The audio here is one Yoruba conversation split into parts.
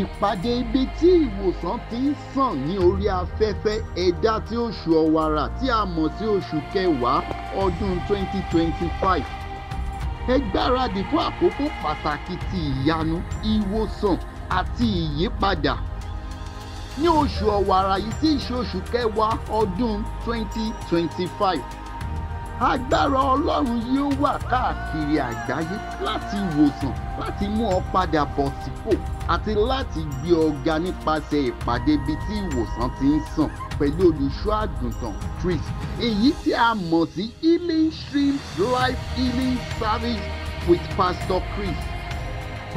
ìpàdé ibi tí ìwòsàn ti ń sàn ní orí afẹ́fẹ́ ẹ̀dá tí oṣù ọ̀wàrà tí a mọ̀ sí oṣù kẹwàá ọdún 2025 ẹ gbáradì fún àkókò pàtàkì ti ìyanu ìwòsàn àti ìyípadà ní oṣù ọ̀wàrà yìí tí í oṣù kẹwàá ọdún 2025 agbára ọlọ́run yóò wà káàkiri àgbáyé láti wòsàn láti mú ọ padà bọ̀ sípò àti láti gbé ọ ga nípasẹ̀ ìpàdé ibi tí ìwòsàn ti ń sàn pẹ̀lú olùṣọ́ àgùntàn Chris èyí tí a mọ̀ sí healing streams life healing service with Pastor Chris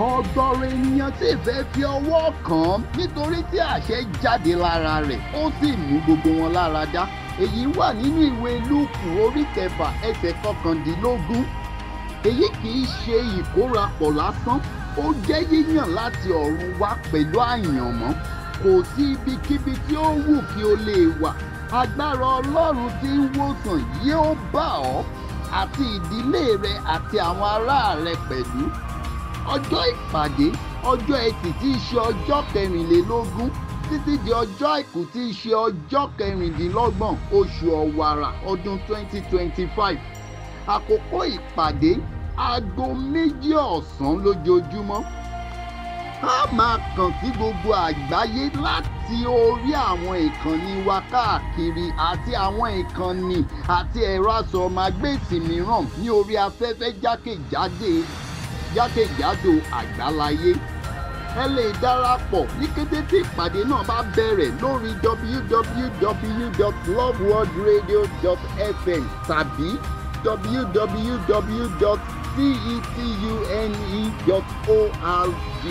ọ̀gọ̀rọ̀ ènìyàn sì fẹ́ fi ọwọ́ kàn án nítorí tí àṣẹ jáde lára rẹ̀ ó sì mú gbogbo wọn lára dá èyí wà nínú ìwé lúùkù orí kẹfà ẹsẹ̀ kọkàndínlógún èyí kì í ṣe ìkórapọ̀ lásán ó jẹ́ yíyàn láti ọ̀run wá pẹ̀lú àyànmọ́ kò sí ibikíbi tí ó wù kí o lè wà agbára ọlọ́run tí ń wòsàn yóò bá ọ àti ìdílé rẹ àti àwọn ará rẹ pẹ̀lú ọjọ́ ìpàdé ọjọ́ ẹtì tí í ṣe ọjọ́ kẹrìnlélógún títí di ọjọ́ àìkú tí í ṣe ọjọ́ kẹrìndínlọ́gbọ̀n oṣù ọ̀wàrà ọdún 2025 àkókò ìpàdé aago méjì ọ̀sán lójoojúmọ́ a máa kàn sí gbogbo àgbáyé láti orí àwọn ìkànnì wa káàkiri àti àwọn ìkànnì àti ẹ̀rọ asọ̀màgbèsì mìíràn ní orí afẹ́fẹ́ jákèjádò àgbáláyé ẹ lè darapọ̀ ní kété tí ìpàdé náà bá bẹ̀rẹ̀ lórí www.loveworldradio.fm tàbí www.cetune.org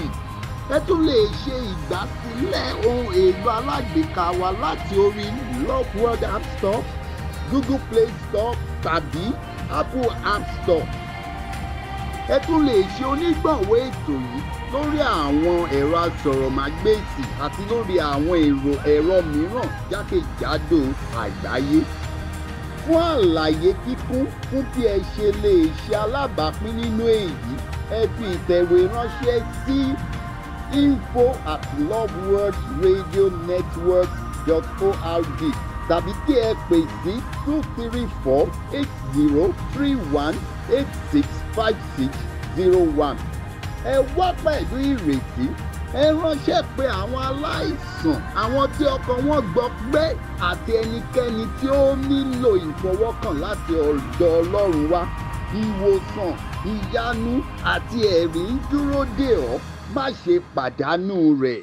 ẹ tún lè ṣe ìgbàsílẹ̀ ohun èlò alágbèéká wa láti orí Love World App Store Google Play Store tàbí Apple App Store ẹ tún lè ṣe onígbọ̀wọ́ ètò yìí lórí àwọn ẹ̀rọ asọ̀rọ̀mágbèsì àti lórí àwọn èrò ẹ̀rọ mìíràn jákèjádò àgbáyé fún àlàyé kíkún fún bí ẹ ṣe lè ṣe alábàápín nínú èyí ẹ fi ìtẹ̀wé ránṣẹ́ sí info at loveworldradionetwork.org tàbí kí ẹ pè sí two three four eight zero three one eight six five six zero one ẹ wá pẹ̀lú ìrètí ẹ ránṣẹ́ pé àwọn aláìsàn àwọn tí ọkàn wọn gbọgbẹ́ àti ẹnikẹ́ni tí ó nílò ìfọwọ́kàn láti ọ̀dọ̀ Ọlọ́run wá ìwòsàn ìyanu àti ẹ̀rí ń dúró dè ọ́ má ṣe pàdánù rẹ̀.